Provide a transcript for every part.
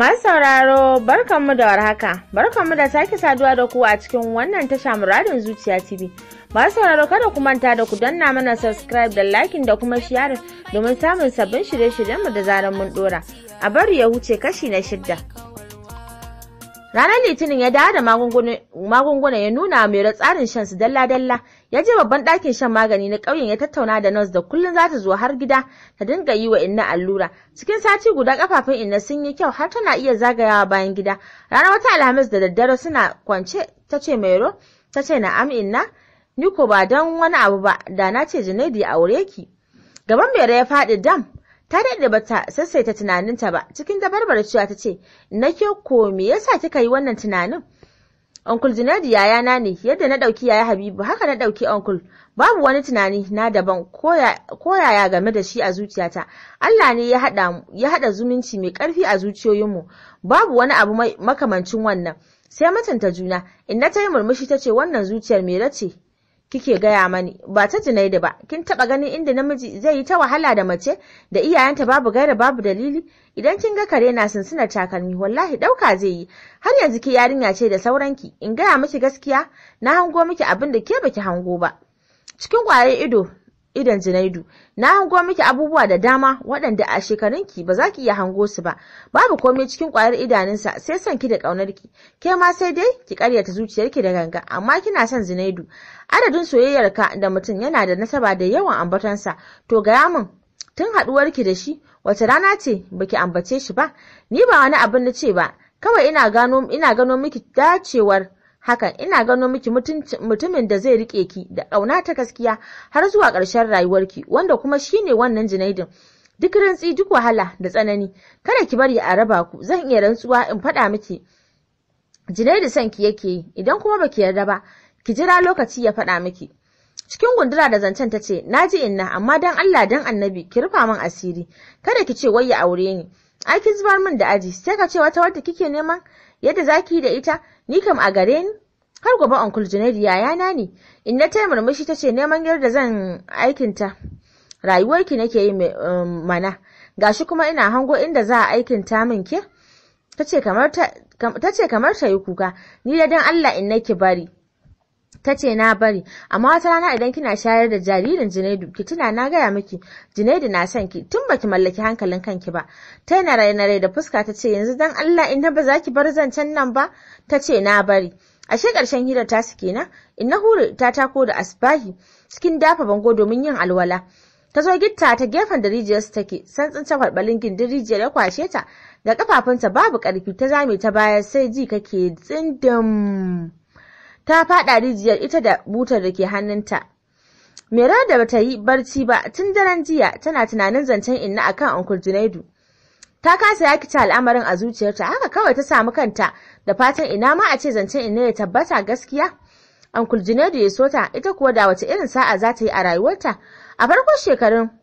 Masu sauraro barkanmu da warhaka, barkanmu da sake saduwa da ku a cikin wannan tasha muradin zuciya TV. Masu sauraro kada ku manta da ku danna mana subscribe da liking da kuma share domin samun sabbin shirye-shiryenmu da zarar mun dora. A bari ya huce kashi na shidda. Ranar Litinin ya dawo da magunguna ya nuna mai tsarin shansu dalla-dalla ya je babban ɗakin shan magani na ƙauyen ya tattauna da nurse da kullum za ta zo har gida ta dinga yi wa inna allura cikin sati guda kafafun inna sun yi kyau har tana iya zagayawa bayan gida ranar wata alhamis da daddare suna kwance ta ce mairo ta ce na'am inna ni ko ba don wani abu ba da na ce Junaidu ya aure ki gaban mairo ya faɗi dam ta daɗe ba ta sassaita tunaninta ba cikin dabarbar cewa ta ce na ke ko me yasa kika yi wannan tunanin Uncle Junaidu yayana ne yadda na ɗauki yaya Habibu haka na ɗauki Uncle babu wani tunani na daban ko yaya game da shi a zuciyata Allah ne ya haɗa zumunci mai ƙarfi a zuciyoyinmu babu wani abu makamancin wannan sai mutunta juna in na ta yi murmushi ta ce wannan zuciyar mai race kike gaya mani ba ta Junaidu ba kin taba ganin inda namiji zai yi ta wahala da mace da iyayenta babu gaira babu dalili idan kin ga kare na sunsunar takalmi wallahi dauka zai yi har yanzu ki yarinya ce da sauranki in gaya miki gaskiya na hango miki abin da ke baki hango ba cikin kwaye ido idan Zinaidu. na hango miki abubuwa da dama waɗanda a shekarunki ba za ki iya hango su ba babu komai cikin ƙwayar idanunsa sai son ki da ƙaunarki ke ma sai dai ki ƙaryata zuciyarki da ganga amma kina son Zinaidu. adadin soyayyarka da mutum yana da nasaba da yawan ambatansa. to gaya min tun haɗuwarki da shi wace rana ce baki ambace shi ba ni ba wani abin na ce ba kawai ina gano ina gano miki dacewar hakan ina gano miki mutumin da zai rike ki da ƙauna ta gaskiya har zuwa ƙarshen rayuwarki wanda kuma shine wannan Junaidin duk rantsi duk wahala da tsanani kada ki bari a raba ku zan iya rantsuwa in faɗa miki Junaidi sanki ki yake yi idan kuma baki yarda ba ki jira lokaci ya faɗa miki cikin gundura da zancen ta ce na ji inna amma dan Allah dan annabi ki rufa min asiri kada ki ce wai ya aure ni ai ki zubar min da aji sai ka ce wata wadda kike neman yadda zaki yi da ita ni kam a gare ni har gobe uncle yayana ne in na taya murmushi tace neman yarda zan aikinta rayuwarki nake yi um, mana gashi kuma ina hango inda za a ta min ke tace kamar ta tace kamar ta yi kuka ni da dan Allah in nake bari ta ce na bari amma wata rana idan kina shayar da jaririn Junaidu ki tuna na gaya miki Junaidu na son ki tun baki mallaki hankalin kanki ba ta yi nare nare da fuska ta ce yanzu dan Allah inna ba za ki bar zancen nan ba ta ce na bari ashe ƙarshen hirar ta su kenan inna huri ta tako da asbahi cikin dafa bango domin yin alwala ta zo gitta ta gefen da su take santsin ta kwalbalin gindin rijiyar ya kwashe ta da kafafunta babu karfi ta zame ta baya sai ji kake tsindim ta faɗa rijiyar ita da butar da ke hannunta. Mera da bata yi barci ba tun daren jiya tana tunanin zancen inna akan Uncle Junaidu. Ta kasa yakita al'amarin a zuciyarta haka kawai ta samu kanta da fatan ina ma a ce zancen inna ya tabbata gaskiya. Uncle Junaidu ya sota ita kuwa da wace irin sa'a za ta yi a rayuwarta. A farkon shekarun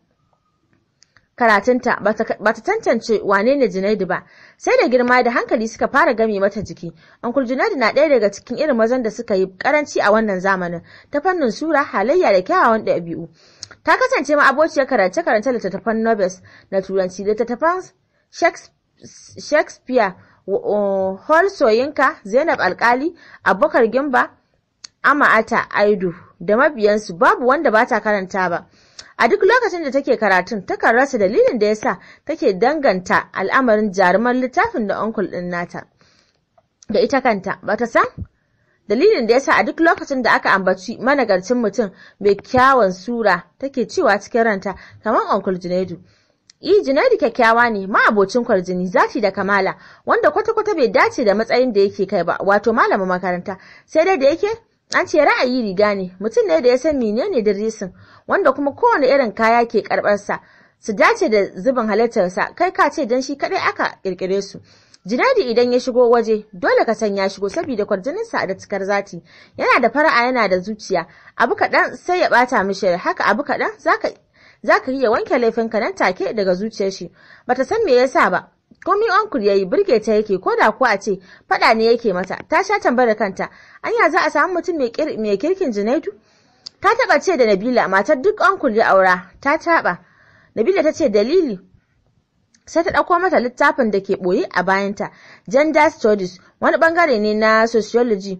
karatunta ba ta tantance wane ne Junaidu ba sai da girma da hankali suka fara game mata jiki Uncle Junaidu na ɗaya daga cikin irin mazan da suka yi karanci a wannan zamanin ta fannin sura halayya da kyawawan ɗabi'u ta kasance ma abociyar karance karance littattafan Nobels na turanci littattafan Shakespeare Hall Soyinka Zainab Alkali Abubakar Gimba Ama'ata Aidu da mabiyansu babu wanda ba ta karanta ba a duk lokacin da take karatun takan rasa dalilin da yasa take danganta al'amarin jaruman littafin da onkul din nata da ita kanta bata san dalilin da yasa a duk lokacin da aka ambaci managarcin mutum mai kyawun sura take cewa cikin ranta kamar onkul junaidu I e, Junaidu kyakkyawa ne ma'abocin kwarjini zafi da kamala wanda kwata-kwata bai dace da matsayin da yake kai ba wato malamin makaranta sai dai da yake An ce ra'ayi riga ne, mutum ne da ya san menene dirisin, wanda kuma kowane irin kaya ke karɓarsa, su dace da zubin halittarsa, kai ka ce don shi kaɗai aka ƙirƙire su. Jinadi idan ya shigo waje, dole ka san ya shigo saboda kwarjininsa da cikar zati. Yana da fara'a yana da zuciya, abu kaɗan sai ya ɓata mishi haka abu kaɗan zaka zaka iya wanke laifinka nan take daga zuciyar shi. Bata san me yasa ba, komi onkul yayi burge ta yake ko da kuwa ce fada ne yake mata ta sha tambayar kanta anya za a samu mutum mai kirkin Junaidu ta taba ce da Nabila matar duk onkul ya aura ta taba Nabila ta ce dalili sai ta ɗauko mata littafin da ke ɓoye a bayanta gender studies wani bangare ne na sociology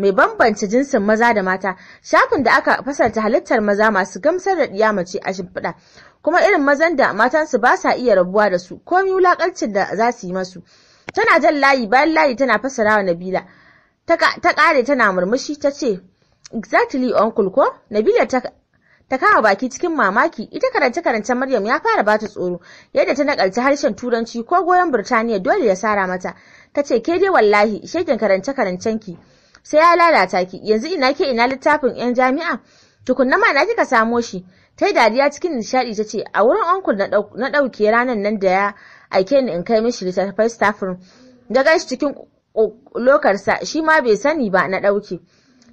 mai bambance jinsin maza da mata shafin da aka fasalta halittar maza masu gamsar da ɗiya mace a shimfiɗa kuma irin mazan da matansu ba sa iya rabuwa da su ko wulaƙancin da za su yi masu tana jan layi bayan layi tana fasara wa Nabila ta ƙare tana murmushi ta ce exactly uncle ko Nabila ta ta kama baki cikin mamaki ita karance karancen Maryam ya fara bata tsoro yadda ta nakalci harshen turanci ko goyon Birtaniya dole ya sara mata ce ke dai wallahi shekin karance karancen ki sai ya lalata ki yanzu ina ke ina littafin yan jami'a tukunna ma na kika samo shi ta dariya cikin nishadi ta ce a wurin onkul na ɗauke ranar nan da ya aike ni in kai mishi littattafai staffin da gashi cikin lokarsa shi ma bai sani ba na ɗauke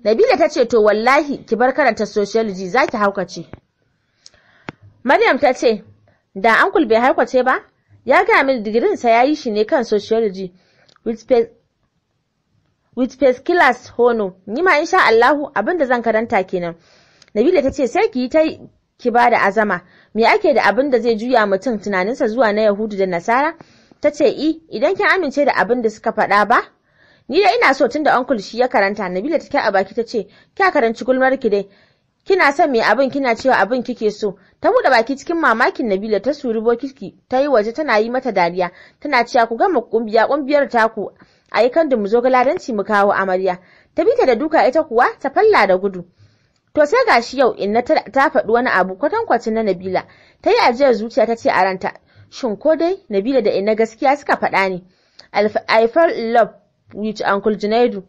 nabila ta ce to wallahi ki bar karanta sociology za ki haukace maryam ta ce da ankul bai haukace ba ya gaya min digirinsa ya yi shi ne kan sociology with with face killers hono ni ma insha Allahu abinda zan karanta kenan Nabila ta ce sai ki yi ta ki bada azama me ake da abin da zai juya mutum tunaninsa zuwa na Yahudu da Nasara tace i idan kin amince da abin da suka faɗa ba ni da ina so tun da uncle shi ya karanta Nabila ta a baki tace ce kya karanci gulmar ki dai kina son me abin kina cewa abin kike so ta buɗe baki cikin mamakin Nabila ta suri bokiki ta yi waje tana yi mata dariya tana cewa ku gama makumbiya kumbiyar taku a yi kan mu zo galadanci mu kawo amarya ta bi ta da duka ita kuwa ta falla da gudu to sai gashi yau in na ta faɗi wani abu kwatankwacin na Nabila ta yi ajiyar zuciya ta ce a ranta shin ko dai Nabila da ina gaskiya suka faɗa ne I fell in love with Uncle Junaidu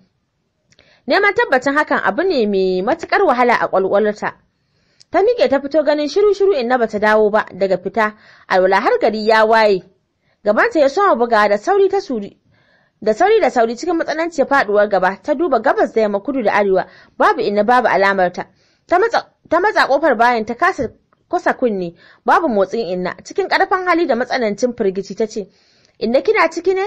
neman tabbacin hakan abu ne mai matukar wahala a kwalkwalarta ta miƙe ta fito ganin shiru-shiru inna bata dawo ba daga fita alwala har gari ya waye gabanta ya soma bugawa da sauri ta da sauri da sauri cikin matsananciyar faduwar gaba ta duba gabas da yamma kudu da arewa babu inna babu alamarta ta matsa kofar bayan ta kasa kusa kunne babu motsin inna cikin karfan hali da matsanancin firgici ta ce inna kina ciki ne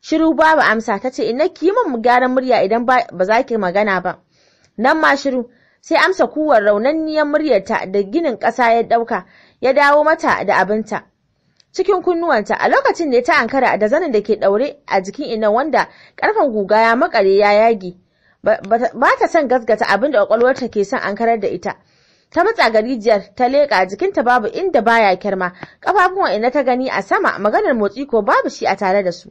shiru babu amsa ta ce inna ki mun gyaran murya idan ba za ki magana ba nan ma shiru sai amsa kuwar raunanniyar muryarta da ginin ƙasa ya ɗauka ya dawo mata da abinta cikin kunnuwanta a lokacin ne ta ankara da zanin da ke ɗaure a jikin ina wanda karfin guga ya makare ya yage ba ta son gasgata abin da kwakwalwarta ke son ankarar da ita ta matsa garijiyar ta leƙa jikinta babu inda baya kirma kafafuwan ina ta gani a sama maganar motsi ko babu shi a tare da su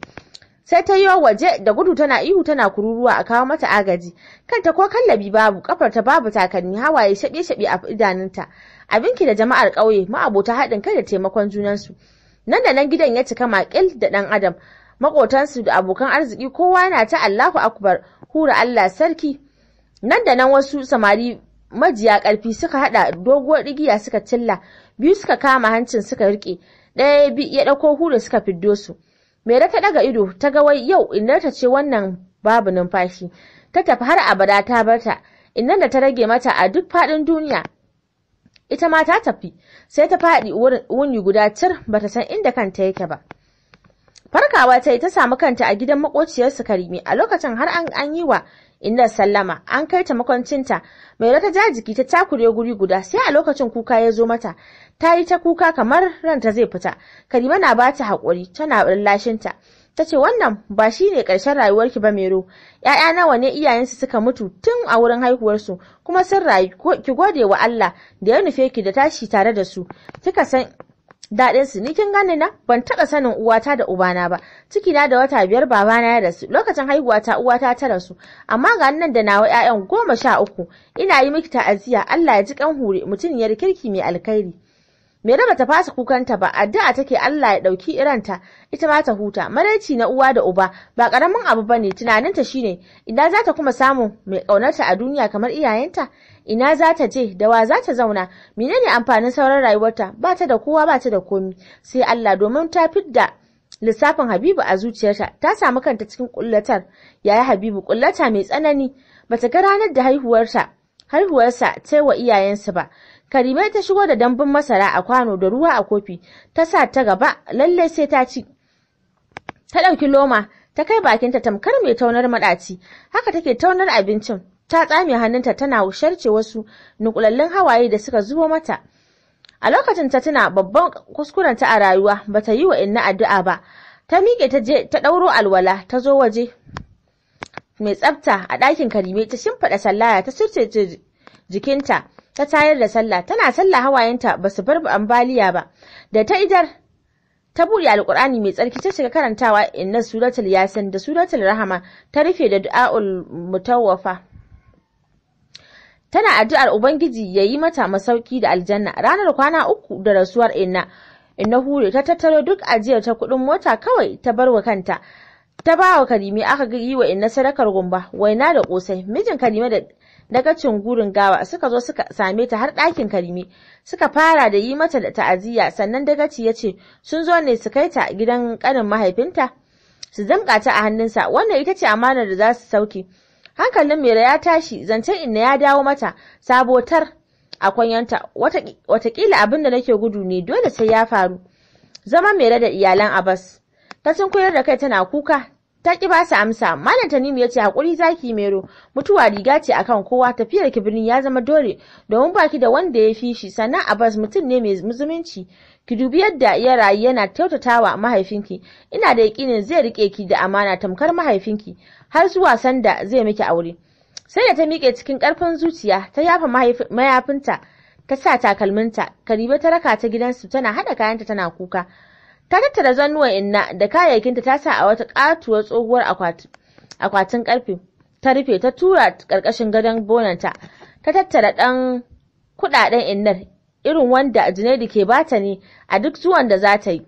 sai ta yi waje da gudu tana ihu tana kururuwa a kawo mata agaji kanta ko kallabi babu ta babu takalmi hawaye shaɓe-shaɓe a idanunta abinki da jama'ar ƙauye ma'abota haɗin kai da taimakon junansu nan da nan gidan ya cika makil da ɗan adam maƙotansu da abokan arziki kowa na ta Allahu akbar hura Allah sarki nan da nan wasu samari majiya ƙarfi suka haɗa doguwar igiya suka cilla biyu suka kama hancin suka rike ɗaya ya ɗauko hura suka fiddo su Mera ta ɗaga ido ta ga wai yau ta ce wannan babu numfashi ta tafi har abada ta barta innan da ta rage mata a duk faɗin duniya ita ma ta tafi sai ta faɗi wuni guda cir ta san inda kanta yake ba farkawa ta yi ta samu kanta a gidan makociyarsu karimi a lokacin har an yi wa inda sallama an kai ta makwancinta mai rata ja jiki ta takure guri guda sai a lokacin kuka ya zo mata ta yi ta kuka kamar ranta zai fita karima na ba ta haƙuri tana lashinta ta ce wannan ba shi ne ƙarshen rayuwarki ba mero ‘ya'ya nawa ne iyayensu suka mutu tun a wurin haihuwarsu kuma sun rayu ki gode wa Allah da ya nufe ki da tashi tare da su kika san daɗin su ni kin gane na ban taɓa sanin uwata da ubana ba ciki na da wata biyar babana ya rasu lokacin ta, uwata ta rasu amma ga nan da nawa 'ya'yan goma sha uku ina yi miki ta'aziya. Allah ya ji kan hure mutum ya kirki mai alkhairi ba bata fasa kukanta ba, addu'a take Allah ya ɗauki iranta, ita ma ta huta. Maraici na uwa da uba ba karamin abu bane ne, tunaninta shine ina za ta kuma samu mai ƙaunarta a duniya kamar iyayenta? Ina za ta je, da wa za ta zauna, menene amfanin sauran rayuwarta? Ba ta da kowa, ba ta da komi, sai Allah domin ta fidda lissafin Habibu a zuciyarta, ta samu kanta cikin kullatar, yayi Habibu kullata mai tsanani, bata ga ranar da haihuwarta, haihuwarsa ta wa iyayensa ba. Karime ta shigo da dambun masara a kwano da ruwa a kofi, ta sa ta gaba lalle sai ta ci. Ta ɗauki loma, ta kai bakinta tamkar mai taunar maɗaci, haka take taunar abincin. Ta tsame hannunta tana sharce wasu nukulallen hawaye da suka zubo mata. A lokacin ta tuna babban kuskurenta a rayuwa ba ta yi wa inna addu'a ba. Ta miƙe ta je ta ɗauro alwala ta zo waje mai tsafta a ɗakin Karime ta shimfiɗa sallaya ta surce jikinta. ta tayar da sallah tana sallah hawayenta ba su bar ambaliya ba da ta idar ta buɗe alƙur'ani mai tsarki ta shiga karantawa inna suratul yasin da suratul rahama ta rufe da du'a'ul mutawwafa tana addu'ar ubangiji ya yi mata masauki da aljanna ranar kwana uku da rasuwar inna inna hure ta tattaro duk ajiyar ta kuɗin mota kawai ta bar wa kanta ta ba wa karime aka yi wa inna sadakar gumba waina da kosai mijin karime da daga gurin gawa suka zo suka same ta har ɗakin karime suka fara da yi mata da ta'aziyya sannan dagaci ya ce sun zo ne su kai ta gidan ƙanin mahaifinta su zamka ta a hannunsa wannan ita ce amanar da za su sauke hankalin mera ya tashi zancen inna ya dawo mata sabotar a kwanyanta watakila abin da nake gudu ne dole sai ya faru zama mera da iyalan abbas ta sun koyar da kai tana kuka ta ki ba su amsa malam tanimu ya ce hakuri zaki mero mutuwa riga ce akan kowa tafiyar ki birni ya zama dole domin baki da wanda ya fi shi sannan abbas mutum ne mai muzuminci ki dubi yadda ya rayu yana kyautatawa mahaifinki ina da yakinin zai rike ki da amana tamkar mahaifinki har zuwa sanda zai miki aure sai da ta miƙe cikin ƙarfin zuciya ta yafa mayafinta ta sa takalminta kariba ta raka ta gidansu tana haɗa kayanta tana kuka ta tattara zannuwa inna da kayayyakin ta sa a wata katuwar tsohuwar akwatin karfe ta rufe ta tura karkashin gadon bonanta ta tattara dan kudaden innar irin wanda Junaidu ke bata ne a duk zuwan da za ta yi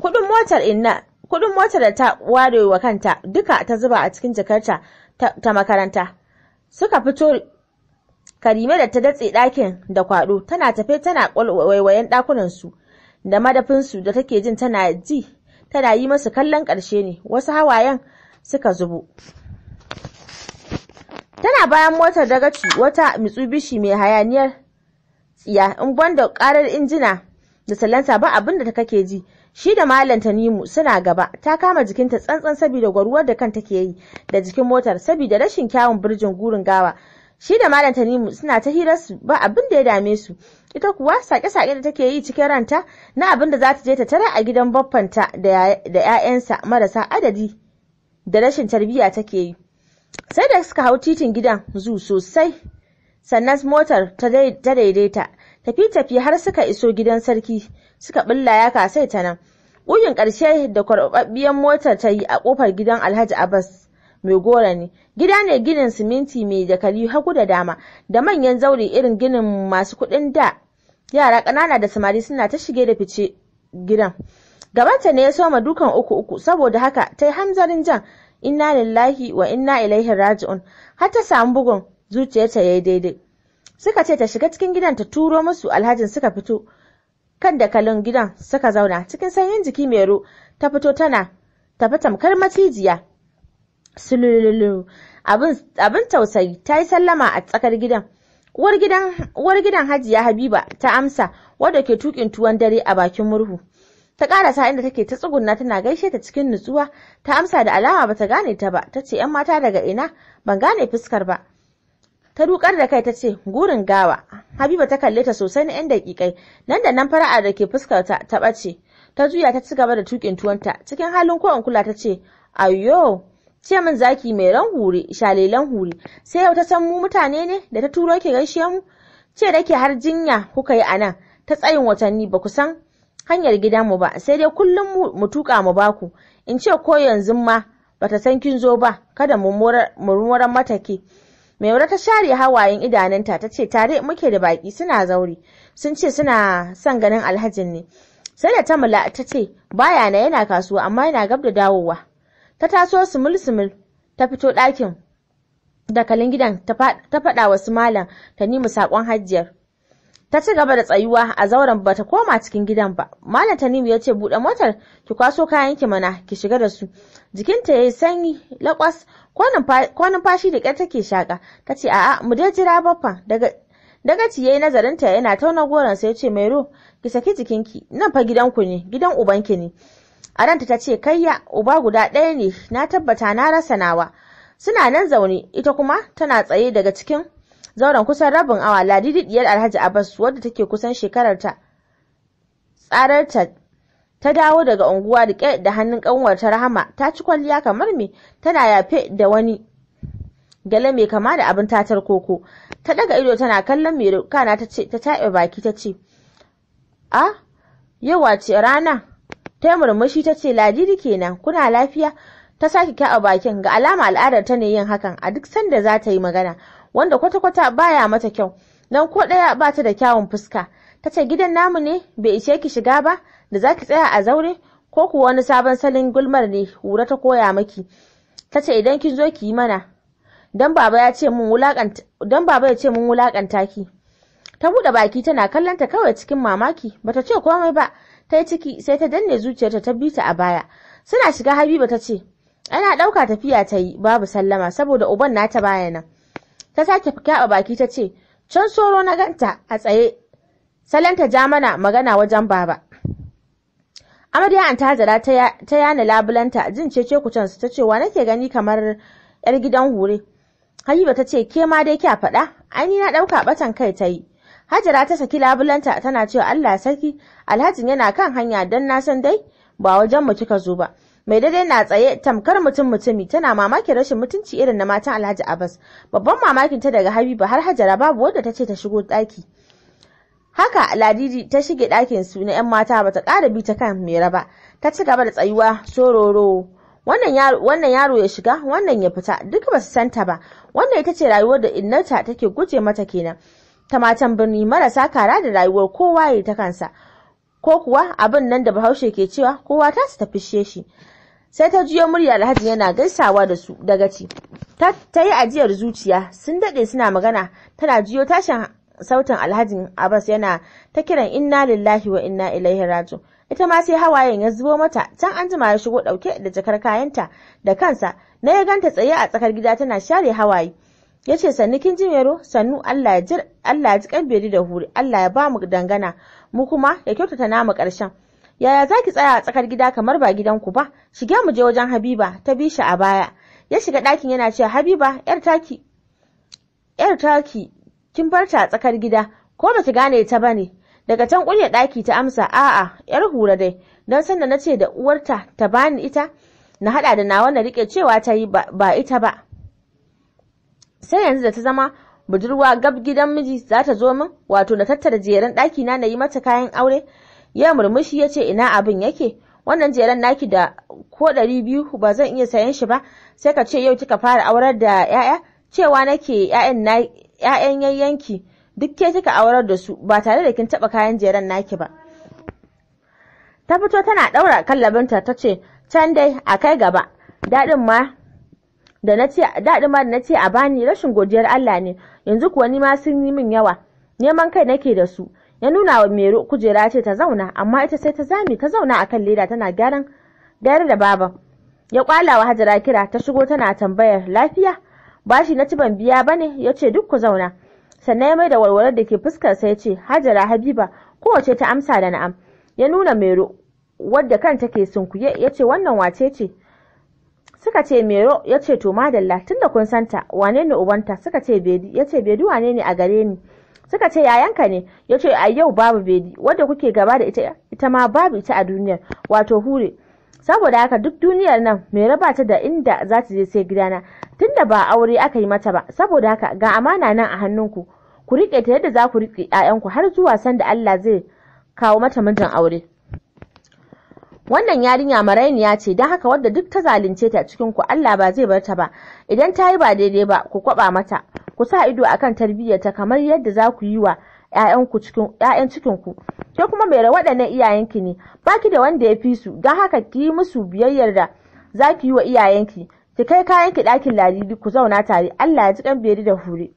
kudin motar inna kudin motar da ta ware wa kanta duka ta zuba a cikin jakarta ta makaranta suka fito Karime da ta datse ɗakin da kwado tana tafe tana waiwayen ɗakunan su da madafinsu da take jin tana ji tana yi masu kallon ƙarshe ne wasu hawayen suka zubo tana bayan motar dagaci wata mitsubishi mai hayaniyar tsiya in banda karar injina da salanta ba abinda ta kake ji shi da malam tanimu suna gaba ta kama jikinta tsantsan saboda gwaruwar da kan take yi da jikin motar saboda rashin kyawun birjin gurin gawa shi da malam Tanimu suna ta hirar su ba abin da ya dame su ita kuwa sake-sake da take yi cikin ranta na abin da za ta je ta tara a gidan baffanta da 'ya'yansa marasa adadi da rashin tarbiyya take yi sai da suka hau titin gidan zu sosai sannan motar ta daidaita tafi-tafi har suka iso gidan sarki suka bulla ya kasai ta nan ƙugin ƙarshe da kwarɓaɓɓiyar motar ta yi a ƙofar gidan alhaji abbas mai gora ne gida ne ginin siminti mai dakali hagu da dama da manyan zaure irin ginin masu kuɗin da yara ƙanana da samari suna ta shige da fice gidan Gabata ne ya soma dukan uku uku saboda haka ta yi hanzarin jan inna lillahi wa inna ilaihi raji'un har ta samu bugun zuciyarta ya yi daidai suka ce ta shiga cikin gidan ta turo musu alhajin suka fito kan dakalin gidan suka zauna cikin sanyin jiki mai ru ta fito tana tafi tamkar macijiya sululululu abin tausayi ta yi sallama a tsakar gidan uwar gidan hajiya habiba ta amsa wadda ke tukin tuwon dare a bakin murhu ta karasa inda take ta tsugunna tana gaishe ta cikin nutsuwa ta amsa da alama bata gane ta ba ta ce yan mata daga ina ban gane fuskar ba ta dukar da kai ta ce gurin gawa habiba ta kalle ta sosai na yan dakikai nan da nan fara'a da ke fuskar ta ta ɓace ta juya ta ci gaba da tukin tuwonta cikin halin ko kula ta ce ayo ce min zaki mai ran hure shalelan hure sai yau ta san mu mutane ne da ta turo ke gaishe mu ce dake har jinya kuka yi anan ta tsayin watanni ba ku san hanyar mu ba sai dai kullum mu tuka mu baku in ce ko yanzu ma bata san kin zo ba kada mu murmuran mata ke Maimuna ta share hawayen idanunta ta ce tare muke da baki suna zauri sun ce suna son ganin Alhaji ne sai da ta mula ta ce baya na yana kasuwa amma yana gab da dawowa ta taso sumul-sumul ta fito ɗakin dakalin gidan ta faɗa wa su malam Tanimu saƙon hajjiyar. Ta ci gaba da tsayuwa a zauren bata koma cikin gidan ba. Malam Tanimu ya ce buɗe motar ki kwaso kayan ki mana ki shiga da su. Jikinta ya yi sanyi lakwas ko numfashi da ƙyar take shaƙa. Ta ce a'a mu dai jira baffa daga Dagaci ci nazarinta yana tauna goron sai ya ce mai ro ki saki jikinki nan fa gidanku ne gidan ubanki ne. a ranta ta ce kayya uba guda ɗaya ne na tabbata na rasa nawa suna nan zaune ita kuma tana tsaye daga cikin zauren kusan rabin awa ladidi diyar alhaji abbas wadda take kusan shekarar ta tsararta ta dawo daga unguwa riƙe da hannun ƙanwarta rahama ta ci kwalliya kamar me tana yafe da wani gale mai kama da abin tatar koko ta daga ido tana kallon mai kana ta ce ta taɓa baki ta ce a ah, yawa ce rana ta murmushi ta ce ladidi kenan kuna lafiya ta sake a bakin ga alama al'adar ta ne yin hakan a duk sanda za ta yi magana wanda kwata-kwata baya mata kyau nan ko ɗaya ba ta da kyawun fuska ta ce gidan namu ne bai ishe ki shiga ba da za ki tsaya a zaure ko kuwa wani sabon salin gulmar ne hura ta koya maki ta ce idan kin zo ki yi mana dan baba ya ce mun wulakanta ki ta buɗe baki tana kallon ta kawai cikin mamaki bata ce komai ba ta yi ciki sai ta danne zuciyarta ta bi ta a baya suna shiga habiba ta ce ana ɗauka tafiya ta yi babu sallama saboda uban nata baya nan ta sake kyaɓa baki ta ce can soro na ganta a tsaye salanta ja mana magana wajen baba amarya an tazara ta yana labulanta jin cece su, ta ce wa nake gani kamar yar gidan hure habiba ta ce ke ma dai kya faɗa ai ni na ɗauka batan kai ta yi Hajara ta saki labulanta tana cewa Allah sarki alhajin yana kan hanya don na san dai ba wajen mu kika zo ba. Mai daidai na tsaye tamkar mutum mutumi tana mamaki rashin mutunci irin na matan Alhaji Abbas. Babban mamakin ta daga Habiba har Hajara babu wanda ta ce ta shigo ɗaki. Haka Ladidi ta shige ɗakin su na 'yan mata bata ƙara bi ta kan Mera ba. Ta ci gaba da tsayuwa sororo. wannan yaro ya shiga wannan ya fita duk ba su santa ba wannan ita ce rayuwar da innarta take guje mata kenan ta matan birni marasa kara da rayuwar kowa ya ta kansa ko kuwa abin nan da bahaushe ke cewa kowa ta su tafi shi sai ta jiyo murya alhaji yana gaisawa da su daga ci ta yi ajiyar zuciya sun daɗe suna magana tana jiyo tashin sautin alhajin abbas yana ta kiran inna lillahi wa inna ilaihi raji'un ita ma sai hawayen ya zubo mata can an jima ya shigo ɗauke da jakar kayanta da kansa na ya ganta tsaye a tsakar gida tana share hawaye ya ce sannu kin ji yaro? sannu Allah ya ji kanberi da huri Allah ya ba mu dangana mu kuma ya kyautata namu ƙarshen yaya za ki tsaya a tsakar gida kamar ba gidanku ba shige mu je wajen habiba ta bi shi a baya ya shiga ɗakin yana cewa habiba yar taki yar taki kin barta a tsakar gida ko ba ki gane ta bane daga can kunya ɗaki ta amsa a'a yar hura dai don sanda na ce da uwarta ta bani ita na haɗa da nawa na rike cewa ta yi ba ita ba sai yanzu da ta zama budurwa gab gidan miji za ta zo min wato na tattara jeren ɗaki na na yi mata kayan aure ya murmushi ya ce ina abin yake wannan jeren naki da ko ɗari biyu ba zan iya sayan shi ba sai ka ce yau kika fara aurar da 'ya'ya cewa nake 'ya'yan yayyanki duk ke kika aurar da su ba tare da kin taɓa kayan jeren naki ba ta fito tana ɗaura kallabinta ta ce can dai a kai gaba daɗin ma da na ce daɗi ma da na ce a bani rashin godiyar Allah ne yanzu kuwa ni ma sun yi min yawa neman kai nake da su ya nuna wa Mero kujera ce ta zauna amma ita sai ta zame ta zauna akan leda tana gyaran gyara da baban ya kwala wa Hajara kira ta shigo tana tambayar lafiya bashi na ci ban biya bane ya ce duk ku zauna sannan ya mai da walwalar da ke fuskar sa ya ce Hajara Habiba kowace ta amsa da na'am ya nuna Mero wadda kanta ke sunkuye ya ce wannan wace ce suka ce mero ya ce to madalla tunda kun santa wane ne ubanta suka ce bedi ya ce bedi wane ne a gare ni suka ce yayanka ne ya ce a yau babu bedi wadda kuke gaba da ita ita ma babu ita a duniyar wato hure saboda haka duk duniyar nan mai ba ta da inda za ta je sai gidana tunda ba aure aka yi mata ba saboda haka ga amana nan a hannunku ku riƙe ta yadda za ku riƙe 'ya'yanku har zuwa sanda Allah zai kawo mata mijin aure wannan yarinya marainiya ce don haka wadda duk ta zalunce ta cikin ku Allah ba zai bar ta ba idan ta yi ba daidai ba ku kwaba mata ku sa ido akan tarbiyyarta kamar yadda za ku yi wa ƴaƴanku cikin ƴaƴan cikin ku ke kuma mai waɗannan iyayenki ne baki da wanda ya fi su don haka ki yi musu biyayyar da za ki yi wa iyayenki ki kai kayanki ɗakin ladidi ku zauna tare Allah ya ji kan beri da hure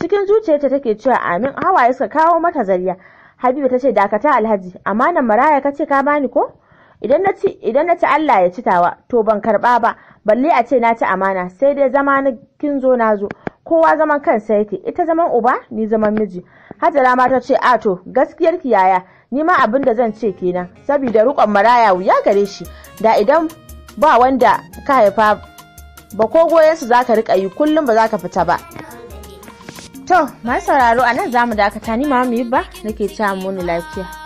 cikin zuciyarta take cewa amin hawaye suka kawo mata zariya habiba ta ce dakata alhaji amma nan maraya ka ce ka bani ko idan na ci Allah ya ci tawa to ban karba ba balle a ce na ci amana sai dai zama na kin zo na zo kowa zaman kansa yake ita zaman uba ni zaman miji hajara ma ta ce a to gaskiyar ki yaya ni ma abin da zan ce kenan saboda rukon maraya wuya gare shi da idan ba wanda ka haifa ba ko su za ka riƙa yi kullum ba za ka fita ba to masu sauraro a nan za mu dakata ni ma mu yi ba nake ta muni lafiya